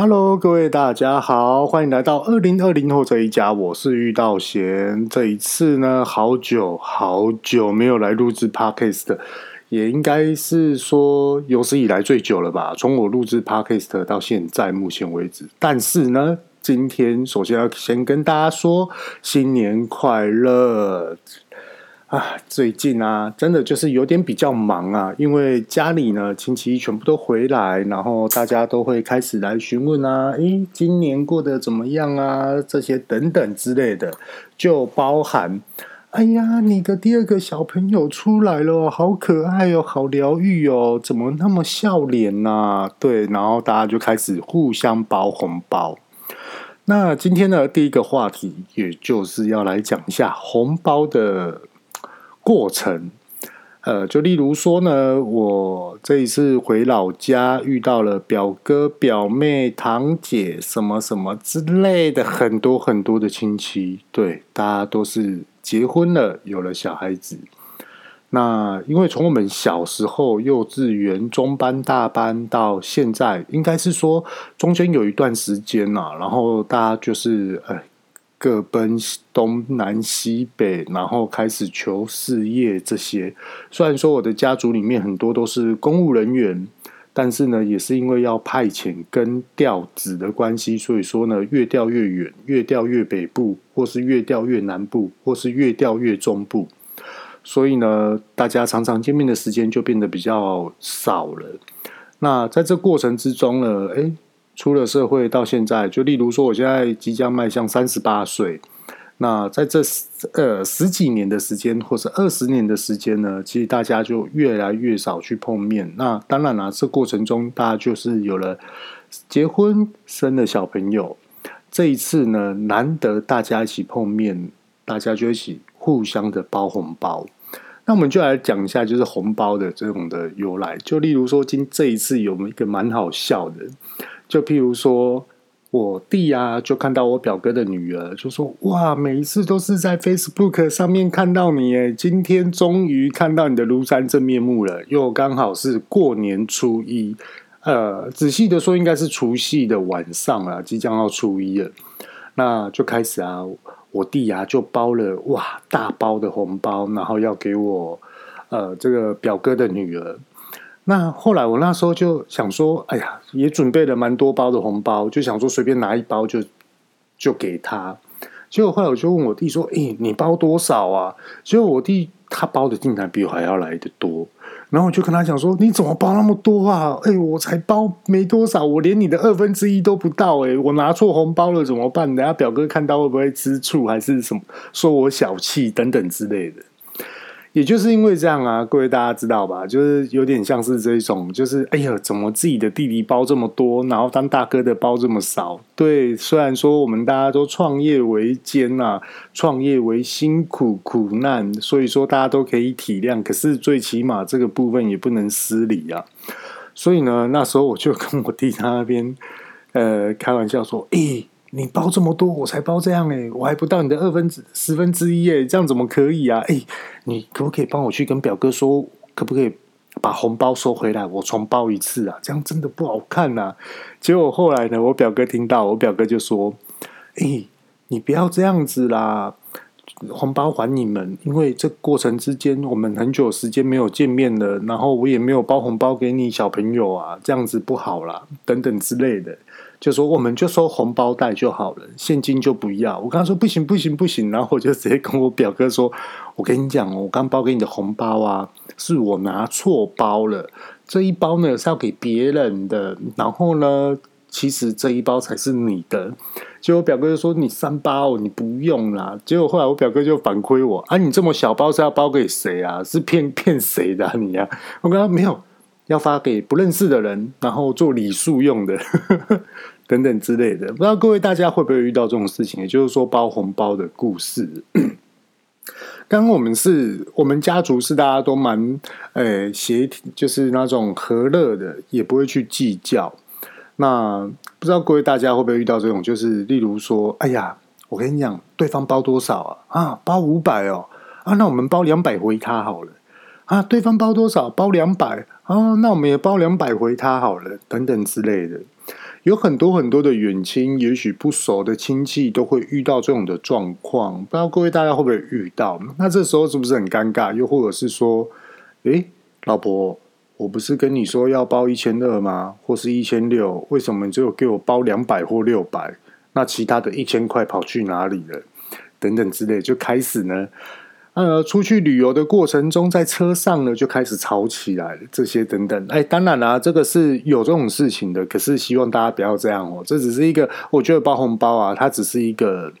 Hello，各位大家好，歡迎來到二零二零後這一家。我是遇到賢，這一次呢，好久好久沒有來錄製 Podcast，也應該是說有史以來最久了吧。從我錄製 Podcast 到現在目前為止，但是呢，今天首先要先跟大家說新年快樂。啊，最近啊，真的就是有點比較忙啊，因為家裡呢，親戚全部都回來，然後大家都會開始來詢問啊，誒、欸，今年過得怎麼樣啊？這些等等之類的，就包含，哎呀，你的第二個小朋友出來了，好可愛哦，好療癒哦，怎麼那麼笑臉吶、啊？對，然後大家就開始互相包紅包。那今天呢，第一個話題，也就是要來講一下紅包的。過程，呃，就例如說呢，我這一次回老家遇到了表哥、表妹、堂姐什麼什麼之類的很多很多的親戚，對，大家都是結婚了，有了小孩子。那因為從我們小時候幼稚園、中班、大班到現在，應該是說中間有一段時間啦，啊，然後大家就是，呃各奔東南西北，然後開始求事業。這些雖然說我的家族裡面很多都是公務人員，但是呢，也是因為要派遣跟調職的關係，所以說呢，越調越遠，越調越北部，或是越調越南部，或是越調越中部。所以呢，大家常常見面的時間就變得比較少了。那在這過程之中呢，哎、欸。出了社會到現在，就例如說，我現在即將邁向三十八歲，那在這十呃十幾年的時間，或是二十年的時間呢，其實大家就越來越少去碰面。那當然了啊，這過程中大家就是有了結婚、生了小朋友。這一次呢，難得大家一起碰面，大家就一起互相的包紅包。那我們就來講一下，就是紅包的這種的由來。就例如說，今這一次有我們一個蠻好笑的。就譬如說，我弟啊，就看到我表哥的女兒，就說：“哇，每一次都是在 Facebook 上面看到你，誒，今天終於看到你的廬山真面目了。又剛好是過年初一，呃，仔細的說，應該是除夕的晚上啊，即將要初一了。那就開始啊，我弟呀、啊、就包了哇大包的紅包，然後要給我，呃，這個表哥的女兒。”那後來我那時候就想說，哎呀，也準備了蠻多包的紅包，就想說隨便拿一包就就給他。結果後來我就問我弟說：“哎、欸，你包多少啊？”結果我弟他包的竟然比我還要來得多。然後我就跟他講說：“你怎麼包那麼多啊？”哎、欸，我才包沒多少，我連你的二分之一都不到、欸。哎，我拿錯紅包了怎麼辦？等下表哥看到會不會吃醋，還是什麼說我小氣等等之類的。也就是因為這樣啊，各位大家知道吧？就是有點像是這一種，就是哎呀，怎麼自己的弟弟包這麼多，然後當大哥的包這麼少？對，雖然說我們大家都創業維艱吶、啊，創業為辛苦苦難，所以說大家都可以體諒。可是最起碼這個部分也不能失禮啊。所以呢，那時候我就跟我弟他那邊呃開玩笑說，咦、欸，你包這麼多，我才包這樣欸，我還不到你的二分之十分之一欸，這樣怎麼可以啊？欸，你可不可以幫我去跟表哥說，可不可以把紅包收回來，我重包一次啊？這樣真的不好看啊。結果後來呢，我表哥聽到，我表哥就說：“欸，你不要這樣子啦，紅包還你們，因為這過程之間我們很久時間沒有見面了，然後我也沒有包紅包給你小朋友啊，這樣子不好啦，等等之類的。”就說我們就收紅包袋就好了，現金就不要。我剛剛說不行不行不行，然後我就直接跟我表哥說：“我跟你講，我剛包給你的紅包啊，是我拿錯包了。這一包呢是要給別人的，然後呢，其實這一包才是你的。”結果表哥就說：“你三包，你不用啦。”結果後來我表哥就反饋我：“啊，你這麼小包是要包給誰啊？是騙騙誰的啊你啊？”我剛剛沒有要發給不認識的人，然後做禮數用的。 等等之類的，不知道各位大家會不會遇到這種事情？也就是說，包紅包的故事。剛剛 我們是我們家族是大家都蠻誒協，就是那種和樂的，也不會去計較。那不知道各位大家會不會遇到這種？就是例如說，哎呀，我跟你講，對方包多少啊？啊，包五百哦，啊，那我們包兩百回他好了。啊，對方包多少？包兩百啊，那我們也包兩百回他好了。等等之類的。有很多很多的遠親，也許不熟的親戚都會遇到這種的狀況，不知道各位大家會不會遇到？那這時候是不是很尷尬？又或者是說，誒、欸、老婆，我不是跟你說要包一千二嗎？或是一千六？為什麼你只有給我包兩百或六百？那其他的一千塊跑去哪裡了？等等之類，就開始呢。呃，出去旅遊的過程中，在車上呢就開始吵起來了，這些等等。哎、欸，當然啦、啊，這個是有這種事情的，可是希望大家不要這樣哦、喔。這只是一個，我覺得包紅包啊，它只是一個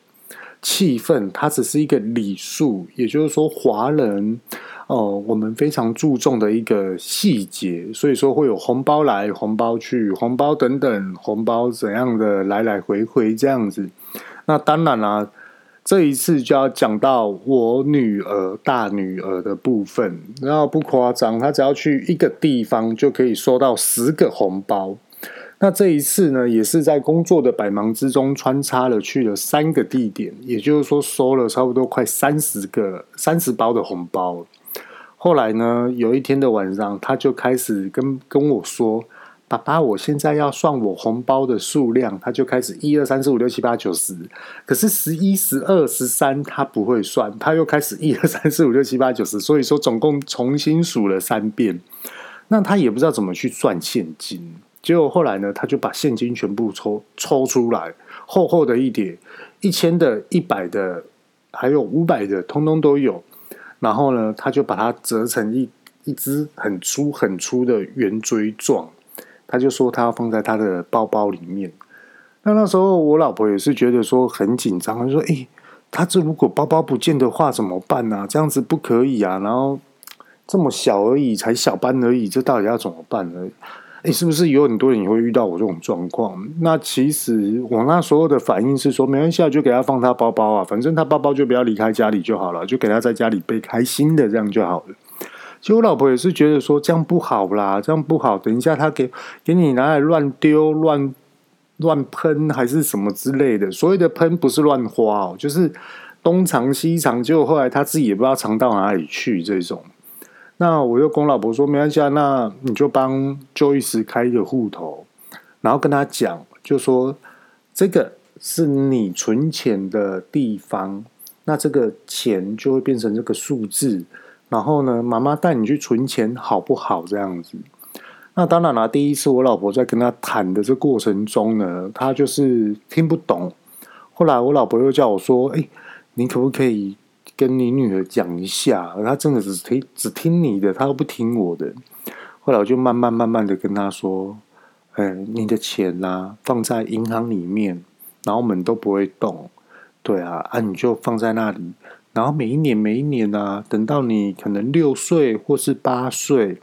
氣氛，它只是一個禮數，也就是說華，華人哦，我們非常注重的一個細節，所以說會有紅包來，紅包去，紅包等等，紅包怎樣的來來回回這樣子。那當然啦、啊。這一次就要講到我女兒大女兒的部分，然後不誇張，她只要去一個地方就可以收到十個紅包。那這一次呢，也是在工作的百忙之中穿插了去了三個地點，也就是說收了差不多快三十個，三十包的紅包。後來呢，有一天的晚上，她就開始跟跟我說。爸爸，我現在要算我紅包的數量，他就開始一二三四五六七八九十，可是十一、十二、十三他不會算，他又開始一二三四五六七八九十，所以說總共重新數了三遍。那他也不知道怎麼去算現金，結果後來呢，他就把現金全部抽抽出來，厚厚的一疊，一千的、一百的，還有五百的，通通都有。然後呢，他就把它折成一一支很粗很粗的圓錐狀。他就說他放在他的包包裡面，那那時候我老婆也是覺得說很緊張，他說哎、欸，他這如果包包不見的話怎麼辦呢、啊？這樣子不可以啊，然後這麼小而已，才小班而已，這到底要怎麼辦呢？哎、欸，是不是有很多人也會遇到我這種狀況？那其實我那時候的反應是說，沒關係，就給他放他包包啊，反正他包包就不要離開家裡就好了，就給他在家裡背開心的這樣就好了。其實我老婆也是覺得說這樣不好啦，這樣不好。等一下他給給你拿來亂丟、亂亂噴還是什麼之類的。所謂的噴不是亂花哦，就是東藏西藏。結果後來他自己也不知道藏到哪裡去這種。那我就跟老婆說，沒關係啊，那你就幫 Joyce 開一個戶頭，然後跟他講，就說這個是你存錢的地方，那這個錢就會變成這個數字。然後呢，媽媽帶你去存錢好不好？這樣子。那當然了，第一次我老婆在跟他談的這過程中呢，他就是聽不懂。後來我老婆又叫我說：“哎，你可不可以跟你女兒講一下？”而他真的只聽只聽你的，他都不聽我的。後來我就慢慢慢慢的跟他說：“哎，你的錢吶放在銀行裡面，然後我們都不會動。對啊，啊你就放在那裡。”然後每一年每一年啊，等到你可能六歲或是八歲，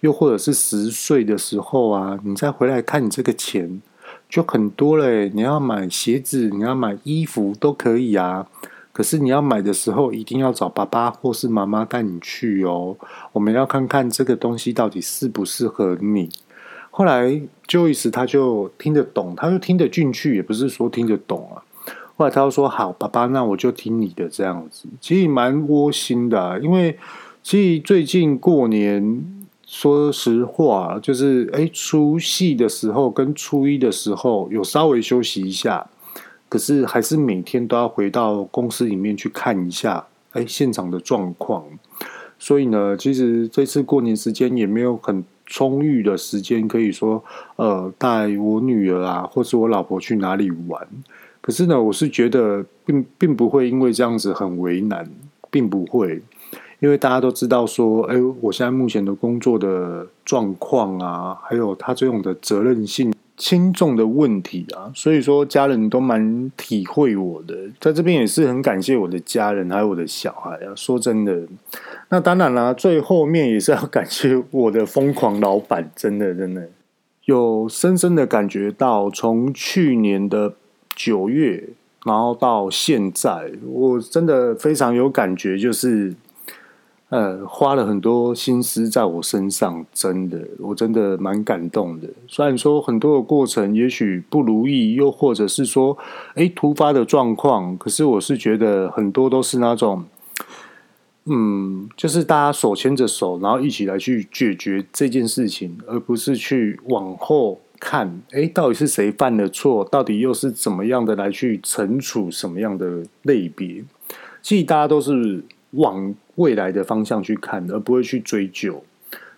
又或者是十歲的時候啊，你再回來看，你這個錢就很多嘞。你要買鞋子，你要買衣服都可以啊。可是你要買的時候，一定要找爸爸或是媽媽帶你去哦。我們要看看這個東西到底適不適合你。後來，Joyce 他就聽得懂，他就聽得進去，也不是說聽得懂啊。後來他說：“好，爸爸，那我就聽你的這樣子。”其實蠻窩心的啊，因為其實最近過年，說實話，就是哎，初、欸、七的時候跟初一的時候有稍微休息一下，可是還是每天都要回到公司裡面去看一下哎、欸，現場的狀況。所以呢，其實這次過年時間也沒有很充裕的時間，可以說呃，帶我女兒啊，或是我老婆去哪裡玩。可是呢，我是覺得並並不會因為這樣子很為難，並不會，因為大家都知道說，哎，我現在目前的工作的狀況啊，還有他這種的責任性、輕重的問題啊，所以說家人都蠻體會我的，在這邊也是很感謝我的家人還有我的小孩啊。說真的，那當然啦、啊，最後面也是要感謝我的瘋狂老板，真的真的有深深的感覺到從去年的。九月，然後到現在，我真的非常有感覺，就是，呃，花了很多心思在我身上，真的，我真的蠻感動的。雖然說很多的過程也許不如意，又或者是說，欸，突發的狀況，可是我是覺得很多都是那種，嗯，就是大家手牽着手，然後一起來去解決這件事情，而不是去往後。看，誒、欸，到底是誰犯了錯？到底又是怎麼樣的來去懲處什麼樣的類別？即大家都是往未來的方向去看，而不會去追究。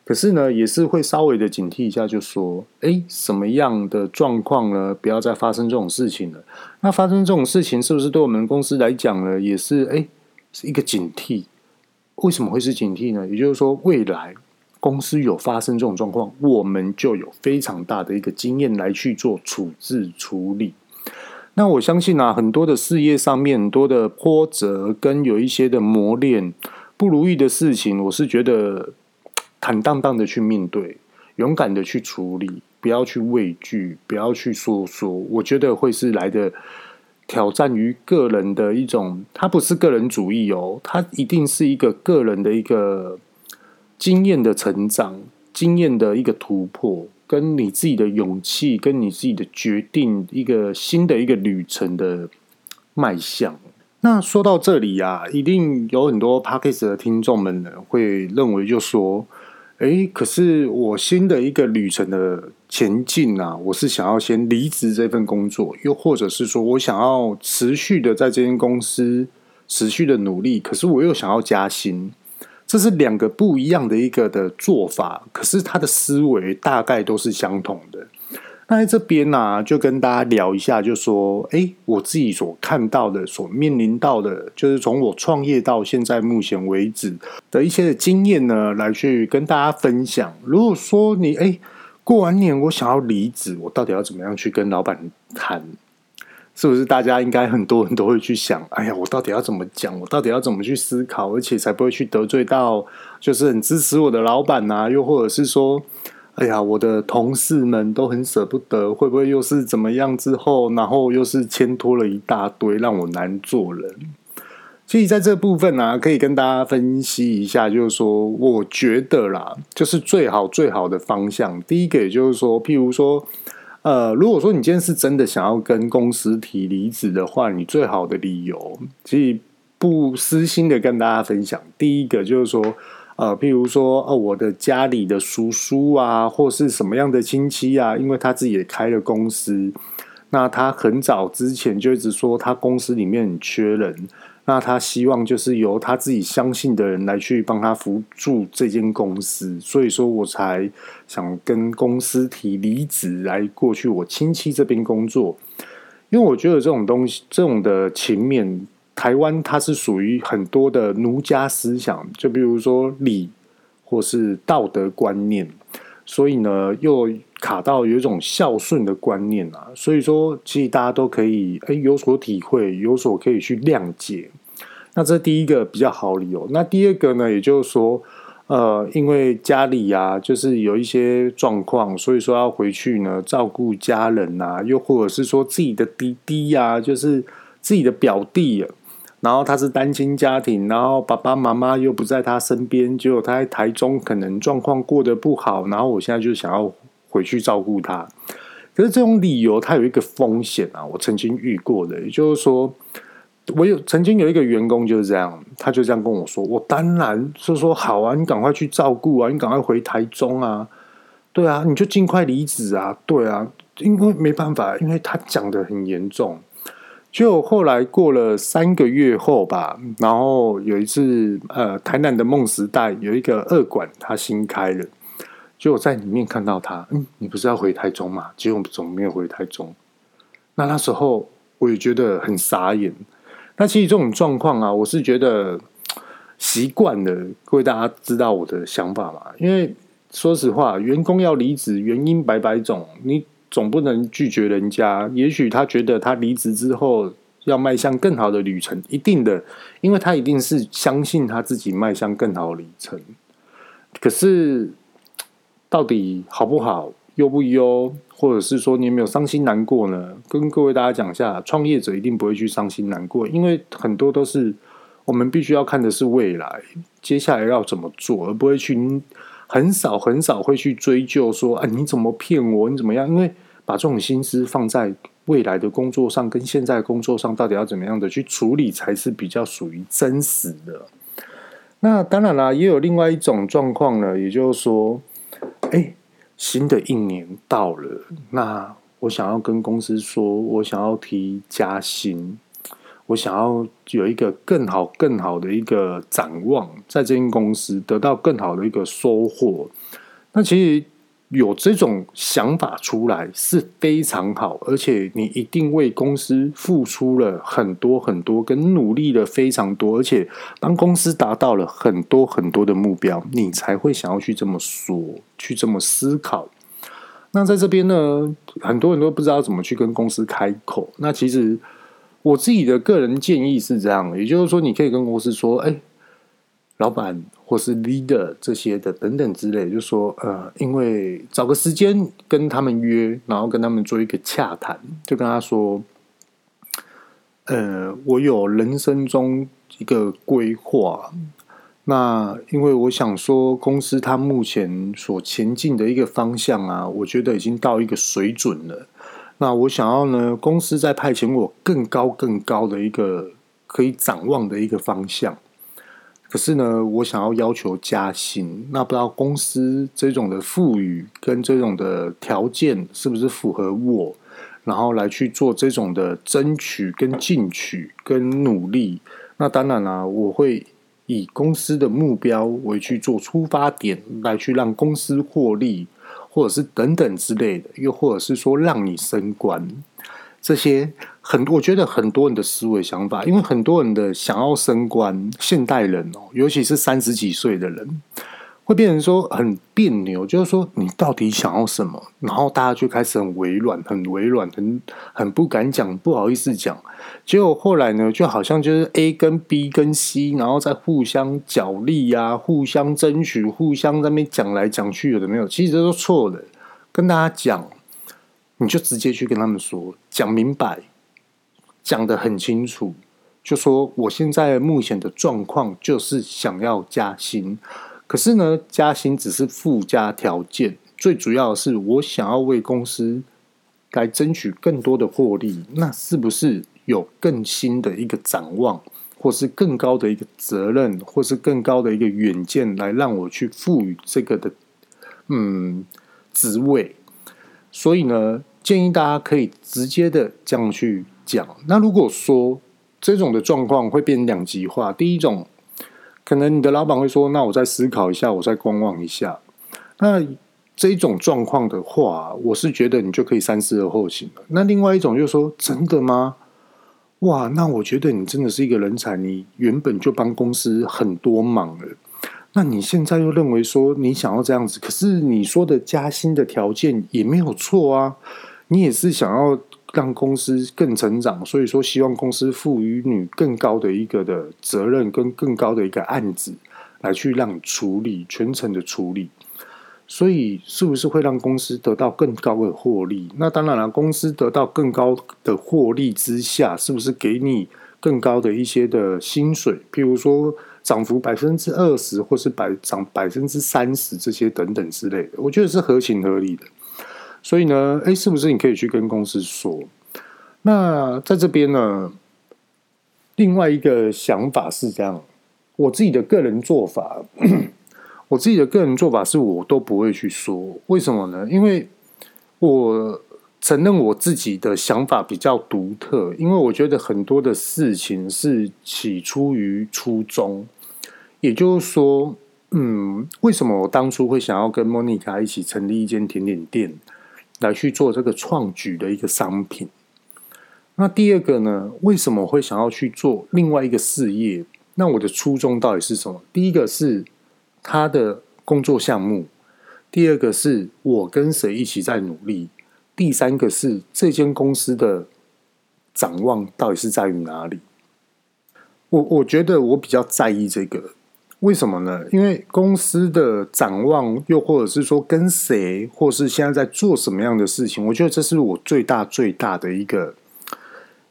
可是呢，也是會稍微的警惕一下，就說，誒、欸，什麼樣的狀況呢？不要再發生這種事情了。那發生這種事情，是不是對我們公司來講呢，也是誒、欸，是一個警惕？為什麼會是警惕呢？也就是說，未來。公司有發生這種狀況，我們就有非常大的一個經驗來去做處置處理。那我相信啊，很多的事業上面，很多的波折跟有一些的磨練、不如意的事情，我是覺得坦蕩蕩蕩的去面對，勇敢的去處理，不要去畏懼，不要去退縮。我覺得會是來的挑戰於個人的一種，它不是個人主義哦，它一定是一個個人的一個。經驗的成長、經驗的一個突破，跟你自己的勇氣、跟你自己的決定，一個新的一個旅程的邁向。那說到這裡啊，一定有很多 podcast 的聽眾們呢，會認為就說：“哎，可是我新的一個旅程的前進啊，我是想要先離職這份工作，又或者是說我想要持續的在這間公司持續的努力，可是我又想要加薪。”這是兩個不一樣的一個的做法，可是他的思維大概都是相同的。那在這邊呢、啊，就跟大家聊一下，就說，哎，我自己所看到的、所面臨到的，就是從我創業到現在目前為止的一些的經驗呢，來去跟大家分享。如果說你哎，過完年我想要離職，我到底要怎麼樣去跟老闆談？是不是大家應該很多人都會去想？哎呀，我到底要怎麼講？我到底要怎麼去思考？而且才不會去得罪到就是很支持我的老闆啊？又或者是說，哎呀，我的同事們都很捨不得，會不會又是怎麼樣之後，然後又是牽拖了一大堆，讓我難做人。所以在這部分呢、啊，可以跟大家分析一下，就是說，我覺得啦，就是最好最好的方向，第一個也就是說，譬如說。呃，如果說你今天是真的想要跟公司提離職的話，你最好的理由，其實不私心的跟大家分享。第一個就是說，呃，譬如說，哦、呃，我的家裡的叔叔啊，或是什麼樣的親戚啊，因為他自己也開了公司，那他很早之前就一直說，他公司裡面很缺人。那他希望就是由他自己相信的人來去幫他扶助這間公司，所以說我才想跟公司提離職，來過去我親戚這邊工作，因為我覺得這種東西，這種的情面，台灣它是屬於很多的儒家思想，就比如說禮或是道德觀念。所以呢，又卡到有一種孝順的觀念啊，所以說，其實大家都可以誒有所體會，有所可以去諒解。那這第一個比較好理由。那第二個呢，也就是說，呃，因為家裡呀，就是有一些狀況，所以說要回去呢照顧家人啊，又或者是說自己的弟弟呀，就是自己的表弟。然後他是單親家庭，然後爸爸媽媽又不在他身邊，結果他在台中可能狀況過得不好。然後我現在就想要回去照顧他。可是這種理由，它有一個風險啊，我曾經遇過的，也就是說，我有曾經有一個員工就是這樣，他就這樣跟我說：“我當然就是說好啊，你趕快去照顧啊，你趕快回台中啊，對啊，你就盡快離職啊，對啊，因為沒辦法，因為他講得很嚴重。”就後來過了三個月後吧，然後有一次，呃，台南的夢時代有一個二館，它新開了，就我在裡面看到他，嗯，你不是要回台中嘛？結果總沒有回台中。那那時候我也覺得很傻眼。那其實這種狀況啊，我是覺得習慣了。各位大家知道我的想法嘛？因為說實話，員工要離職原因百百種，你。總不能拒絕人家。也許他覺得他離職之後要邁向更好的旅程，一定的，因為他一定是相信他自己邁向更好的旅程。可是到底好不好、優不優，或者是說你有沒有傷心難過呢？跟各位大家講一下，創業者一定不會去傷心難過，因為很多都是我們必須要看的是未來，接下來要怎麼做，而不會去。很少很少會去追究說，啊你怎麼騙我，你怎麼樣？因為把這種心思放在未來的工作上跟現在的工作上，到底要怎麼樣的去處理才是比較屬於真實的。那當然啦，也有另外一種狀況呢，也就是說，哎，新的一年到了，那我想要跟公司說，我想要提加薪。我想要有一個更好、更好的一個展望，在這間公司得到更好的一個收穫。那其實有這種想法出來是非常好，而且你一定為公司付出了很多很多，跟努力了非常多。而且當公司達到了很多很多的目標，你才會想要去這麼說，去這麼思考。那在這邊呢，很多人都不知道怎麼去跟公司開口。那其實。我自己的個人建議是這樣，也就是說，你可以跟公司說，哎、欸，老闆或是 leader 這些的等等之類，就說呃，因為找個時間跟他們約，然後跟他們做一個洽談，就跟他說，呃，我有人生中一個規劃，那因為我想說，公司它目前所前進的一個方向啊，我覺得已經到一個水準了。那我想要呢，公司在派遣我更高更高的一個可以展望的一個方向，可是呢，我想要要求加薪，那不知道公司這種的賦予跟這種的條件是不是符合我，然後來去做這種的爭取跟進取跟努力。那當然啦、啊，我會以公司的目標為去做出發點，來去讓公司獲利。或者是等等之類的，又或者是說讓你升官，這些很，我覺得很多人的思維想法，因為很多人的想要升官，現代人哦，尤其是三十幾歲的人。會變成說很彆扭，就是說你到底想要什麼，然後大家就開始很委婉、很委婉、很很不敢講、不好意思講。結果後來呢，就好像就是 A 跟 B 跟 C，然後在互相角力呀、啊，互相爭取，互相在那邊講來講去，有的沒有，其實都錯了。跟大家講，你就直接去跟他們說，講明白，講得很清楚，就說我現在目前的狀況就是想要加薪。可是呢，加薪只是附加條件，最主要的是我想要為公司來爭取更多的獲利，那是不是有更新的一個展望，或是更高的一個責任，或是更高的一個遠見，來讓我去賦予這個的嗯職位？所以呢，建議大家可以直接的這樣去講。那如果說這種的狀況會變兩極化，第一種。可能你的老闆會說：“那我再思考一下，我再觀望一下。”那這種狀況的話，我是覺得你就可以三思而後行了。那另外一種就是說：“真的嗎？哇！那我覺得你真的是一個人才，你原本就幫公司很多忙了。那你現在又認為說你想要這樣子，可是你說的加薪的條件也沒有錯啊，你也是想要。”讓公司更成長，所以說希望公司賦予你更高的一個的責任跟更高的一個案子來去讓你處理全程的處理，所以是不是會讓公司得到更高的獲利？那當然了，公司得到更高的獲利之下，是不是給你更高的一些的薪水？比如說漲幅百分之二十，或是百漲百分之三十這些等等之類的，我覺得是合情合理的。所以呢，哎，是不是你可以去跟公司說？那在這邊呢，另外一個想法是這樣。我自己的個人做法， 我自己的個人做法是，我都不會去說。為什麼呢？因為我承認我自己的想法比較獨特。因為我覺得很多的事情是起初於初衷，也就是說，嗯，為什麼我當初會想要跟 Monica 一起成立一間甜點店？來去做這個創舉的一個商品。那第二個呢，為什麼會想要去做另外一個事業？那我的初衷到底是什麼？第一個是他的工作項目，第二個是我跟誰一起在努力，第三個是這間公司的展望到底是在於哪裡？我我覺得我比較在意這個。為什麼呢？因為公司的展望，又或者是說跟誰，或是現在在做什麼樣的事情，我覺得這是我最大最大的一個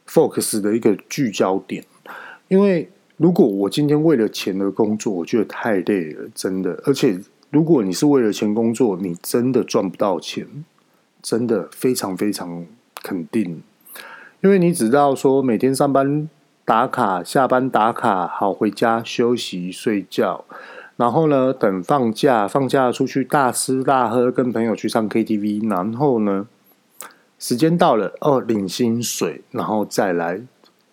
focus 的一個聚焦點。因為如果我今天為了錢而工作，我覺得太累了，真的。而且如果你是為了錢工作，你真的賺不到錢，真的非常非常肯定。因為你只知道說每天上班。打卡，下班打卡，好，回家休息睡覺。然後呢，等放假，放假出去大吃大喝，跟朋友去上 KTV。然後呢，時間到了哦，領薪水，然後再來，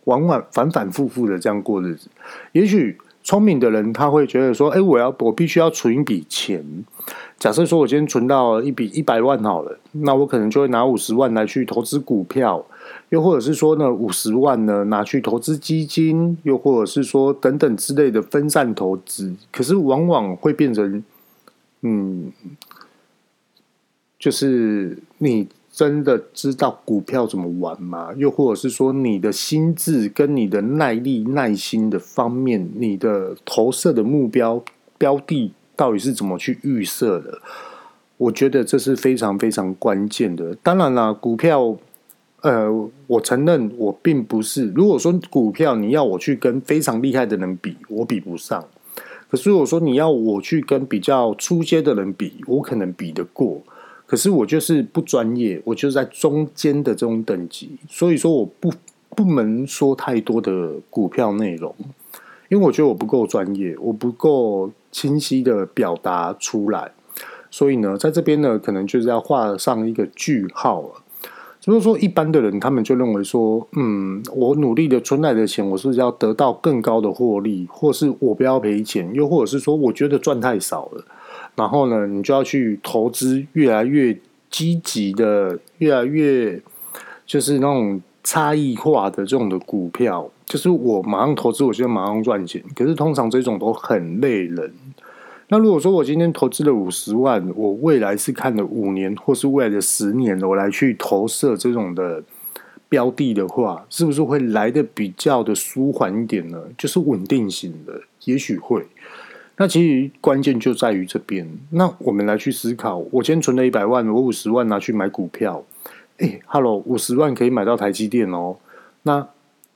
往往反反复复的這樣過日子。也許聰明的人他會覺得說：“哎，我要我必須要存一筆錢。假設說我今天存到一筆一百萬好了，那我可能就會拿五十萬來去投資股票。”又或者是說呢，五十萬呢拿去投資基金，又或者是說等等之類的分散投資，可是往往會變成，嗯，就是你真的知道股票怎麼玩嗎？又或者是說，你的心智跟你的耐力、耐心的方面，你的投射的目標標的到底是怎麼去預設的？我覺得這是非常非常關鍵的。當然啦，股票。呃，我承認我並不是。如果說股票你要我去跟非常厲害的人比，我比不上。可是如果說你要我去跟比較初階的人比，我可能比得過。可是我就是不專業，我就是在中間的這種等級，所以說我不不能說太多的股票內容，因為我覺得我不夠專業，我不夠清晰的表達出來。所以呢，在這邊呢，可能就是要畫上一個句號了啊。如果說一般的人，他們就認為說，嗯，我努力的存來的錢，我是要得到更高的獲利，或是我不要賠錢，又或者是說，我覺得賺太少了，然後呢，你就要去投資越來越積極的、越來越就是那種差異化的這種的股票，就是我馬上投資，我就馬上賺錢，可是通常這種都很累人。那如果說我今天投資了五十萬，我未來是看了五年或是未來的十年，我來去投射這種的標的的話，是不是會來的比較的舒緩一點呢？就是穩定型的，也許會。那其實關鍵就在於這邊。那我們來去思考，我今天存了一百萬，我五十萬拿去買股票，哎，哈嘍，五十萬可以買到台積電哦。那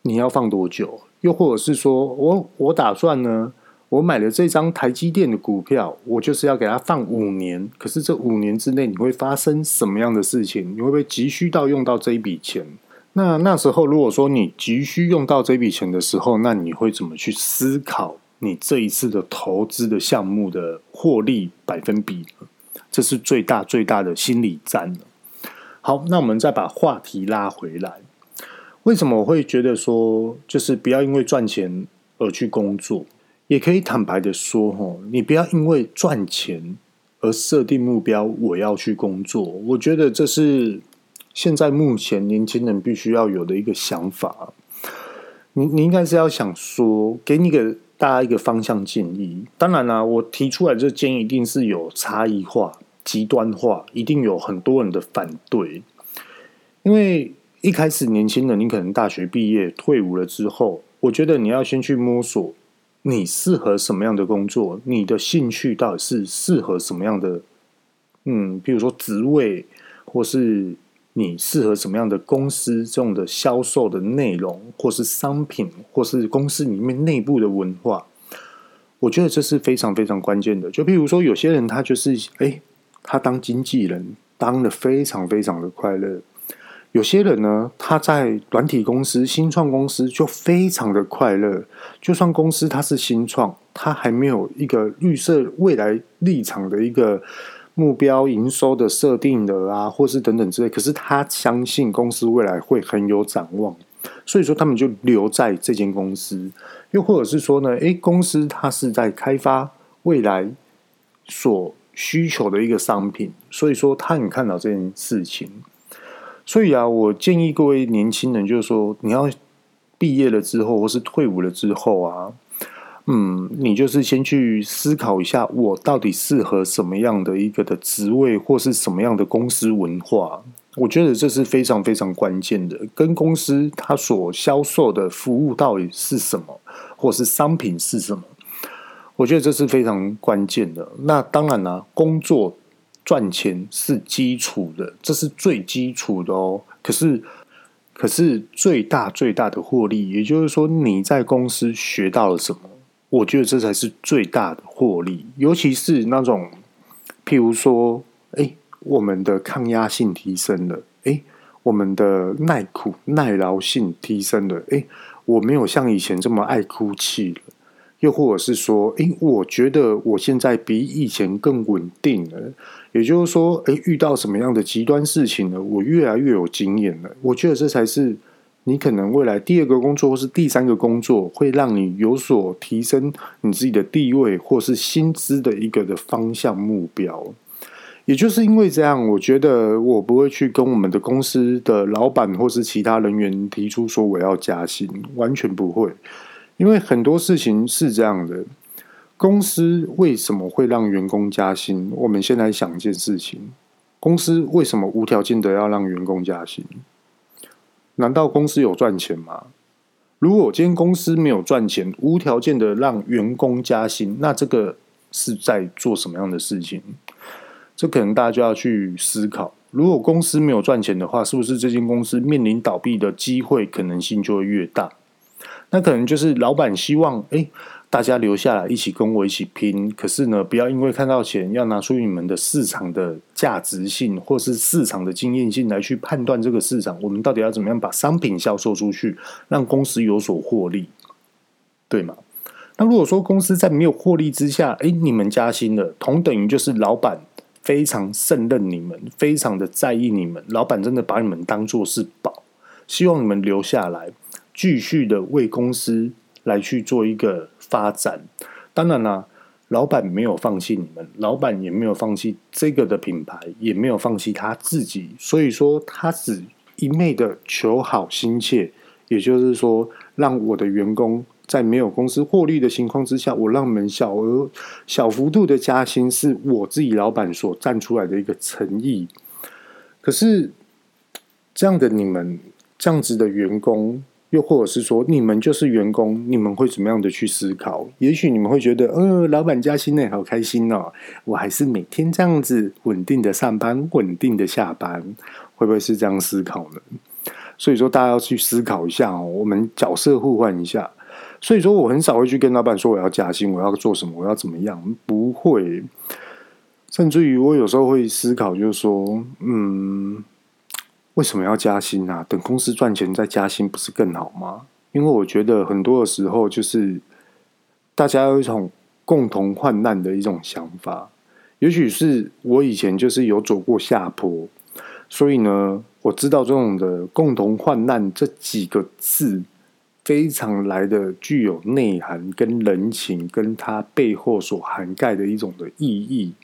你要放多久？又或者是說我我打算呢？我買了這張台積電的股票，我就是要給它放五年。可是這五年之內，你會發生什麼樣的事情？你會不會急需到用到這一筆錢？那那時候，如果說你急需用到這筆錢的時候，那你會怎麼去思考你這一次的投資的項目的獲利百分比呢？這是最大最大的心理戰了。好，那我們再把話題拉回來。為什麼我會覺得說，就是不要因為賺錢而去工作？也可以坦白的說，吼，你不要因為賺錢而設定目標，我要去工作。我覺得這是現在目前年輕人必須要有的一個想法。你你應該是要想說，給你個大家一個方向建議。當然啦、啊，我提出來的這建議一定是有差異化、極端化，一定有很多人的反對。因為一開始年輕人，你可能大學畢業、退伍了之後，我覺得你要先去摸索。你適合什麼樣的工作？你的興趣到底是適合什麼樣的？嗯，比如說職位，或是你適合什麼樣的公司，這種的銷售的內容，或是商品，或是公司裡面內部的文化，我覺得這是非常非常關鍵的。就譬如說，有些人他就是哎、欸，他當經紀人，當得非常非常的快樂。有些人呢，他在軟體公司、新創公司就非常的快樂，就算公司它是新創，它還沒有一個預設未來立場的一個目標營收的設定的啊，或是等等之類，可是他相信公司未來會很有展望，所以說他們就留在這間公司，又或者是說呢，哎，公司它是在開發未來所需求的一個商品，所以說他很看好這件事情。所以啊，我建議各位年輕人，就是說，你要畢業了之後，或是退伍了之後啊，嗯，你就是先去思考一下，我到底適合什麼樣的一個的職位，或是什麼樣的公司文化？我覺得這是非常非常關鍵的。跟公司它所銷售的服務到底是什麼，或是商品是什麼？我覺得這是非常關鍵的。那當然了啊，工作。賺錢是基礎的，這是最基礎的哦。可是，可是最大最大的獲利，也就是說，你在公司學到了什麼？我覺得這才是最大的獲利。尤其是那種，譬如說，誒，我們的抗壓性提升了，誒，我們的耐苦耐勞性提升了，誒，我沒有像以前這麼愛哭泣了。又或者是說，欸，我覺得我現在比以前更穩定了。也就是說，欸，遇到什麼樣的極端事情呢？我越來越有經驗了。我覺得這才是你可能未來第二個工作或是第三個工作，會讓你有所提升你自己的地位或是薪資的一個的方向目標。也就是因為這樣，我覺得我不會去跟我們的公司的老板或是其他人員提出說我要加薪，完全不會。因為很多事情是這樣的，公司為什麼會讓員工加薪？我們先來想一件事情：公司為什麼無條件的要讓員工加薪？難道公司有賺錢嗎？如果今天公司沒有賺錢，無條件的讓員工加薪，那這個是在做什麼樣的事情？這可能大家就要去思考。如果公司沒有賺錢的話，是不是這間公司面臨倒閉的機會可能性就會越大？那可能就是老板希望，誒、欸，大家留下來一起跟我一起拼。可是呢，不要因為看到錢，要拿出你們的市場的價值性，或是市場的經驗性來去判斷這個市場。我們到底要怎麼樣把商品銷售出去，讓公司有所獲利，對嗎？那如果說公司在沒有獲利之下，誒、欸，你們加薪了，同等於就是老板非常勝任你們，非常的在意你們，老板真的把你們當做是寶，希望你們留下來，繼續的為公司來去做一個發展，當然了啊，老闆沒有放棄你們，老闆也沒有放棄這個的品牌，也沒有放棄他自己，所以說他只一味的求好心切，也就是說，讓我的員工在沒有公司獲利的情況之下，我讓你們小額小幅度的加薪，是我自己老闆所站出來的一個誠意。可是這樣的你們這樣子的員工。又或者是說，你們就是員工，你們會怎麼樣的去思考？也許你們會覺得，嗯、呃，老闆加薪嘞、欸，好開心哦、喔！我還是每天這樣子穩定的上班，穩定的下班，會不會是這樣思考呢？所以說，大家要去思考一下哦、喔，我們角色互換一下。所以說，我很少會去跟老闆說我要加薪，我要做什麼，我要怎麼樣，不會。甚至於，我有時候會思考，就是說，嗯。為什麼要加薪呢、啊？等公司賺錢再加薪不是更好嗎？因為我覺得很多的時候，就是大家有一種共同患難的一種想法。也許是我以前就是有走過下坡，所以呢，我知道這種的共同患難這幾個字非常來的具有內涵跟人情，跟它背後所涵蓋的一種的意義。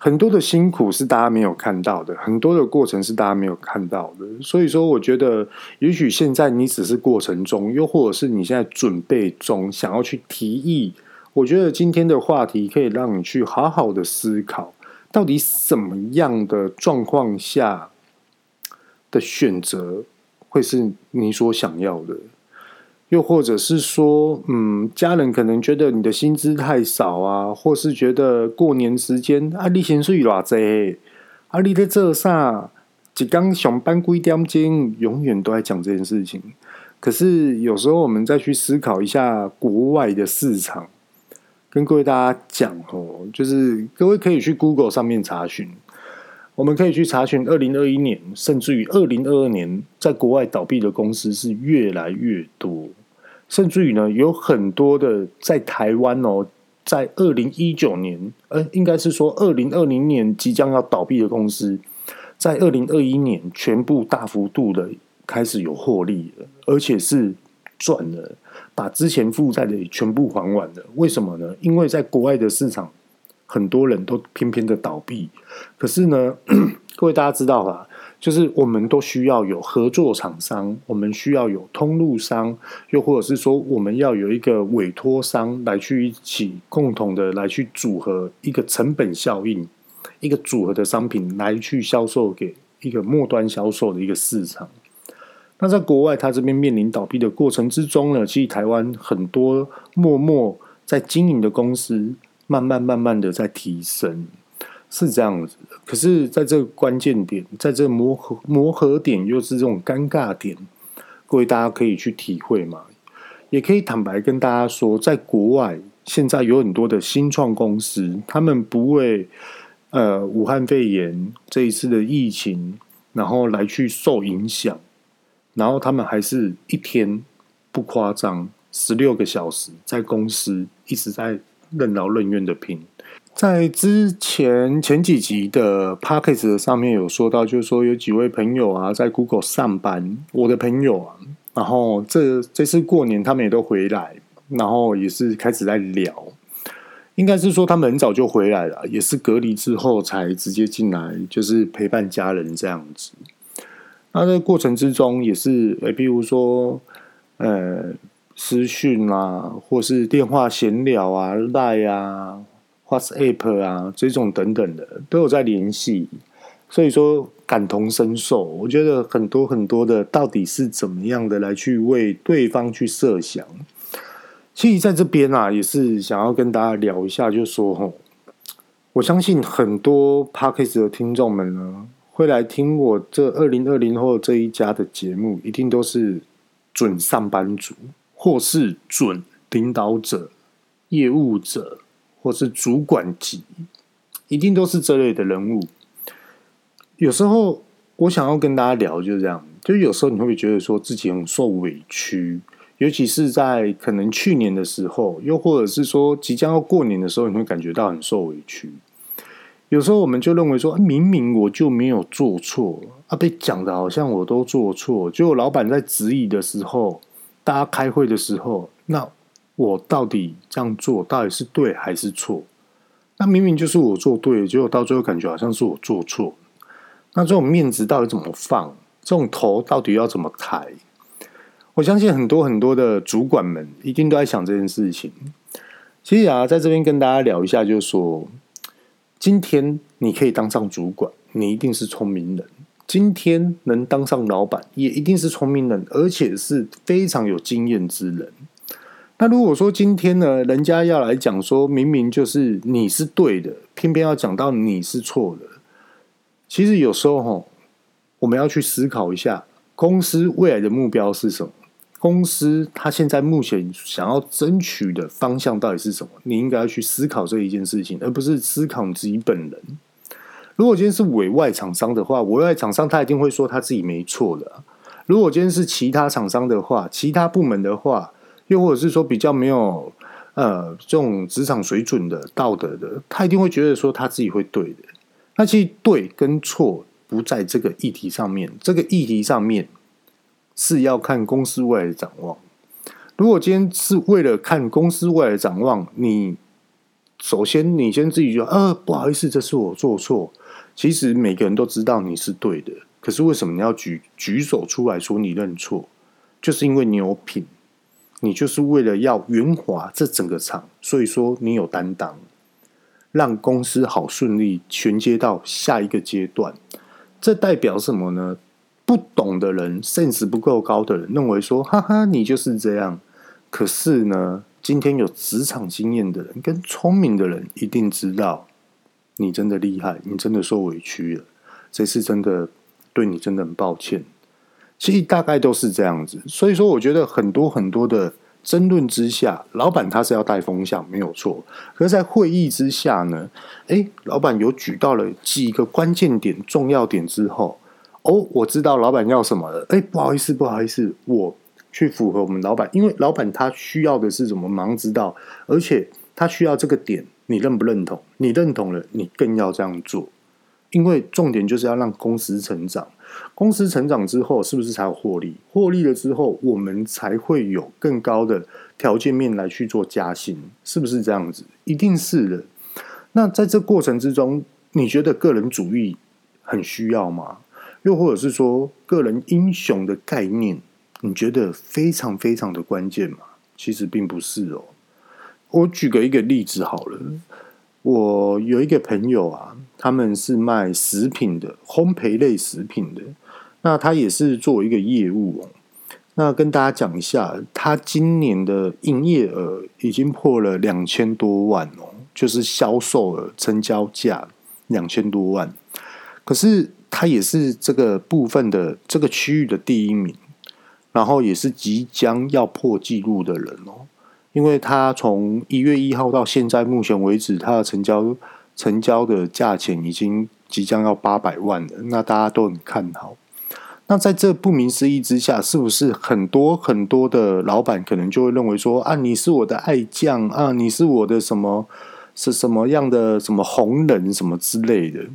很多的辛苦是大家沒有看到的，很多的過程是大家沒有看到的。所以說，我覺得也許現在你只是過程中，又或者是你現在準備中，想要去提議。我覺得今天的話題可以讓你去好好的思考，到底什麼樣的狀況下的選擇會是你所想要的。又或者是說，嗯，家人可能覺得你的薪資太少啊，或是覺得過年時間啊，你薪水多少，啊你，啊你在做啥，一天上班幾點鐘，永遠都在講這件事情。可是有時候我們再去思考一下國外的市場，跟各位大家講哦，就是各位可以去 Google 上面查詢，我們可以去查詢二零二一年，甚至於二零二二年，在國外倒閉的公司是越來越多。甚至於呢，有很多的在台灣哦、喔，在二零一九年，呃、欸，應該是說二零二零年即將要倒閉的公司，在二零二一年全部大幅度的開始有獲利了，而且是賺了，把之前負債的全部還完了。為什麼呢？因為在國外的市場，很多人都偏偏的倒閉。可是呢， 各位大家知道吧。就是我們都需要有合作廠商，我們需要有通路商，又或者是說我們要有一個委托商來去一起共同的來去組合一個成本效應，一個組合的商品來去銷售給一個末端銷售的一個市場。那在國外，它這邊面臨倒閉的過程之中呢，其實台灣很多默默在經營的公司，慢慢慢慢的在提升。是這樣子，可是在，在這個關鍵點，在這個磨合磨合點，又、就是這種尷尬點，各位大家可以去體會嘛。也可以坦白跟大家說，在國外現在有很多的新創公司，他們不為、呃、武漢肺炎這一次的疫情，然後來去受影響，然後他們還是一天不誇張十六個小時在公司一直在任勞任怨的拼。在之前前幾集的 podcast 上面有說到，就是說有幾位朋友啊，在 Google 上班，我的朋友啊，然後這這次過年他們也都回來，然後也是開始在聊，應該是說他們很早就回來了，也是隔離之後才直接進來，就是陪伴家人這樣子。那在過程之中也是，哎，比如說呃，私訊啊，或是電話閒聊啊、賴啊。WhatsApp 啊，這種等等的都有在聯繫，所以說感同身受。我覺得很多很多的到底是怎麼樣的來去為對方去設想。其實在這邊啊，也是想要跟大家聊一下，就是說，我相信很多 Podcast 的聽眾們呢，會來聽我這二零二零後這一家的節目，一定都是準上班族或是準領導者、業務者。或是主管級，一定都是這類的人物。有時候我想要跟大家聊，就是這樣，就有時候你會覺得說自己很受委屈，尤其是在可能去年的時候，又或者是說即將要過年的時候，你會感覺到很受委屈。有時候我們就認為說，明明我就沒有做錯啊，被講的好像我都做錯。就老板在質疑的時候，大家開會的時候，那。我到底這樣做到底是對還是錯？那明明就是我做對，結果到最後感覺好像是我做錯。那這種面子到底怎麼放？這種頭到底要怎麼抬？我相信很多很多的主管們一定都在想這件事情。其實啊，在這邊跟大家聊一下，就是說，今天你可以當上主管，你一定是聰明人；今天能當上老板，也一定是聰明人，而且是非常有經驗之人。那如果說今天呢，人家要來講說明明就是你是對的，偏偏要講到你是錯的。其實有時候吼，我們要去思考一下公司未來的目標是什麼？公司它現在目前想要爭取的方向到底是什麼？你應該要去思考這一件事情，而不是思考你自己本人。如果今天是委外廠商的話，委外廠商他一定會說他自己沒錯的；如果今天是其他廠商的話，其他部門的話。又或者是說比較沒有呃這種職場水準的道德的，他一定會覺得說他自己會對的。那其實對跟錯不在這個議題上面，這個議題上面是要看公司未來的展望。如果今天是為了看公司未來的展望，你首先你先自己說，呃、啊、不好意思，這是我做錯。其實每個人都知道你是對的，可是為什麼你要舉舉手出來說你認錯？就是因為你有品。你就是為了要圓滑這整個場，所以說你有擔當，讓公司好順利銜接到下一個階段。這代表什麼呢？不懂的人、sense 不夠高的人，認為說：哈哈，你就是這樣。可是呢，今天有職場經驗的人跟聰明的人，一定知道你真的厲害，你真的受委屈了。這次真的對你真的很抱歉。其實大概都是這樣子，所以說我覺得很多很多的爭論之下，老闆他是要帶風向，沒有錯。可是在會議之下呢，誒、欸，老闆有舉到了幾個關鍵點、重要點之後，哦，我知道老闆要什麼了。誒、欸，不好意思，不好意思，我去符合我們老闆，因為老闆他需要的是什麼？忙知道，而且他需要這個點，你認不認同？你認同了，你更要這樣做，因為重點就是要讓公司成長。公司成長之後，是不是才有獲利？獲利了之後，我們才會有更高的條件面來去做加薪，是不是這樣子？一定是的。那在這過程之中，你覺得個人主義很需要嗎？又或者是說，個人英雄的概念，你覺得非常非常的關鍵嗎？其實並不是哦。我舉個一個例子好了，我有一個朋友啊。他們是賣食品的，烘焙類食品的。那他也是做一個業務哦。那跟大家講一下，他今年的營業額已經破了兩千多萬哦，就是銷售額、成交價兩千多萬。可是他也是這個部分的這個區域的第一名，然後也是即將要破紀錄的人哦。因為他從一月一號到現在目前為止，他的成交。成交的價錢已經即將要八百萬了，那大家都很看好。那在這不明思義之下，是不是很多很多的老闆可能就會認為說啊，你是我的愛將啊，你是我的什麼，是什麼樣的什麼紅人什麼之類的？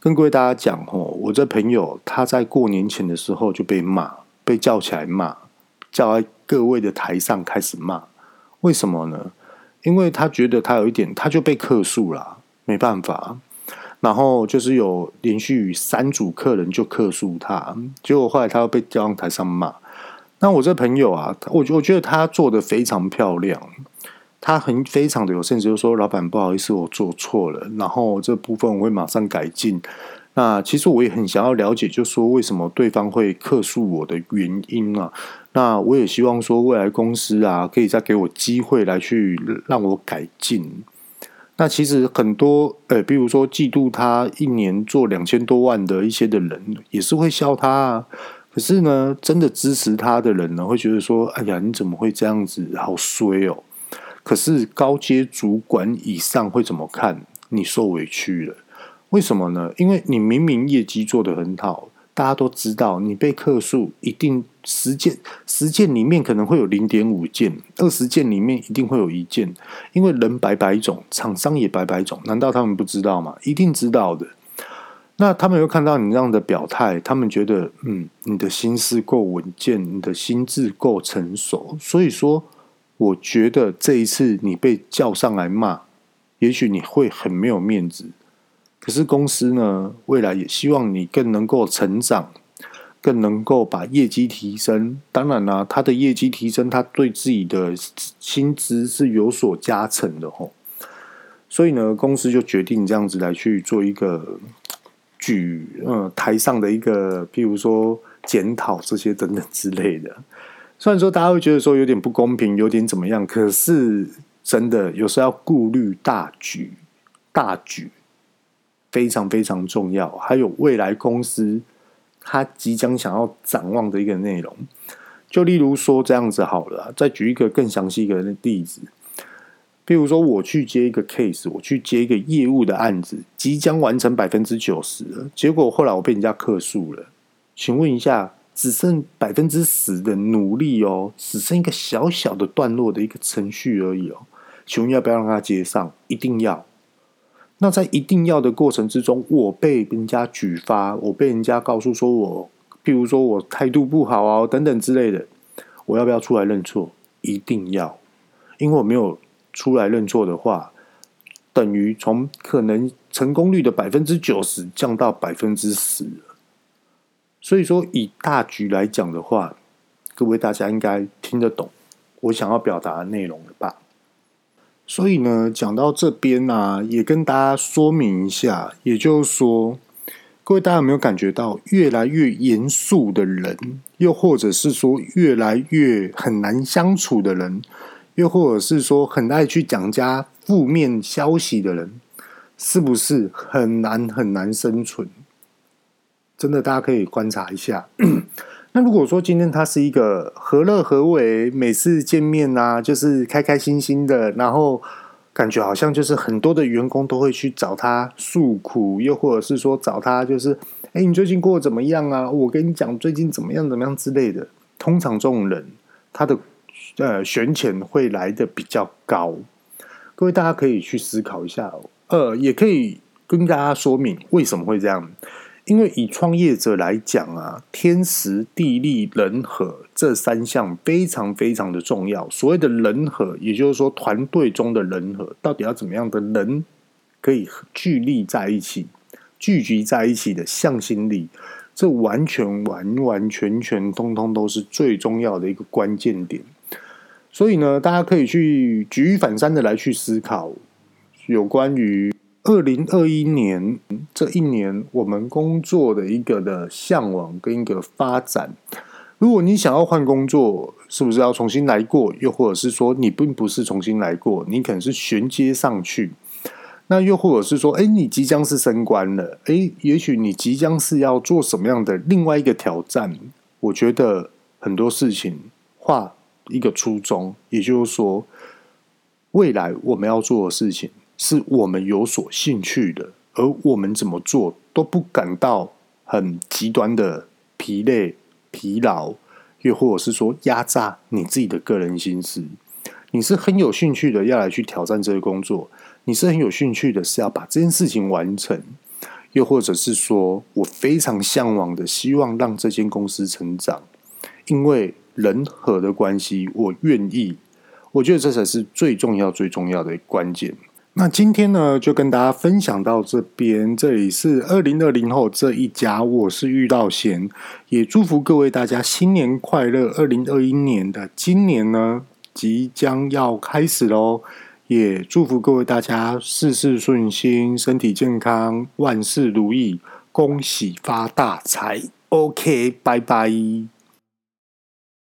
跟各位大家講哦，我這朋友他在過年前的時候就被罵，被叫起來罵，叫來各位的台上開始罵。為什麼呢？因為他覺得他有一點，他就被客訴了。沒辦法，然後就是有連續三組客人就客訴他，結果後來他又被叫上台上罵。那我這朋友啊，我我覺得他做得非常漂亮，他很非常的有，甚至就說：“老闆，不好意思，我做錯了，然後這部分我會馬上改進。”那其實我也很想要了解，就說為什麼對方會客訴我的原因啊？那我也希望說未來公司啊，可以再給我機會來去讓我改進。那其實很多，呃，比如說嫉妒他一年做兩千多萬的一些的人，也是會笑他啊。可是呢，真的支持他的人呢，會覺得說，哎呀，你怎麼會這樣子，好衰哦。可是高階主管以上會怎麼看？你受委屈了，為什麼呢？因為你明明業績做得很好。大家都知道，你被客訴一定十件，十件裡面可能會有零點五件，二十件裡面一定會有一件，因為人百百種，廠商也百百種，難道他們不知道嗎？一定知道的。那他們又看到你這樣的表態，他們覺得嗯，你的心思夠穩健，你的心智夠成熟，所以說，我覺得這一次你被叫上來罵，也許你會很沒有面子。可是公司呢，未來也希望你更能夠成長，更能夠把業績提升。當然啦、啊，他的業績提升，他對自己的薪資是有所加成的哦。所以呢，公司就決定這樣子來去做一個舉呃，台上的一個，譬如說檢討這些等等之類的。雖然說大家會覺得說有點不公平，有點怎麼樣，可是真的有時候要顧慮大局，大局非常非常重要，還有未來公司他即將想要展望的一個內容，就例如說這樣子好了，再舉一個更詳細一個例子，比如說我去接一個 case，我去接一個業務的案子，即將完成百分之九十了，結果後來我被人家客訴了，請問一下，只剩百分之十的努力哦，只剩一個小小的段落的一個程序而已哦，請問要不要讓他接上？一定要。那在一定要的過程之中，我被人家舉發，我被人家告訴說我，譬如說我態度不好啊，等等之類的，我要不要出來認錯？一定要，因為我沒有出來認錯的話，等於從可能成功率的百分之九十降到百分之十。所以說，以大局來講的話，各位大家應該聽得懂我想要表達的內容了吧？所以呢，講到這邊啊，也跟大家說明一下，也就是說，各位大家有沒有感覺到，越來越嚴肅的人，又或者是說越來越很難相處的人，又或者是說很愛去講加負面消息的人，是不是很難很難生存？真的，大家可以觀察一下。 那如果說今天他是一個何樂何為，每次見面啊，就是開開心心的，然後感覺好像就是很多的員工都會去找他訴苦，又或者是說找他就是，哎，你最近過得怎麼樣啊？我跟你講，最近怎麼樣怎麼樣之類的。通常這種人，他的呃升遷會來得比較高。各位大家可以去思考一下哦，呃，也可以跟大家說明為什麼會這樣。因為以創業者來講啊，天時地利人和這三項非常非常的重要。所謂的“人和”，也就是說團隊中的人和，到底要怎麼樣的人可以聚力在一起、聚集在一起的向心力，這完全完完全全通通都是最重要的一個關鍵點。所以呢，大家可以去舉一反三的來去思考有關於。二零二一年這一年，我們工作的一個的嚮往跟一個發展。如果你想要換工作，是不是要重新來過？又或者是說，你並不是重新來過，你可能是銜接上去。那又或者是說，哎、欸，你即將是升官了，哎、欸，也許你即將是要做什麼樣的另外一個挑戰？我覺得很多事情，畫一個初衷，也就是說，未來我們要做的事情。是我們有所興趣的，而我們怎麼做都不感到很極端的疲累、疲勞，又或者是說壓榨你自己的個人心思。你是很有興趣的要來去挑戰這個工作，你是很有興趣的是要把這件事情完成，又或者是說我非常向往的，希望讓這間公司成長，因為人和的關係，我願意。我覺得這才是最重要、最重要的關鍵。那今天呢，就跟大家分享到這邊，這裡是二零二零後這一家，我是遇到賢，也祝福各位大家新年快樂。二零二一年的今年呢，即將要開始嘍，也祝福各位大家事事順心，身體健康，萬事如意，恭喜發大財。OK，拜拜。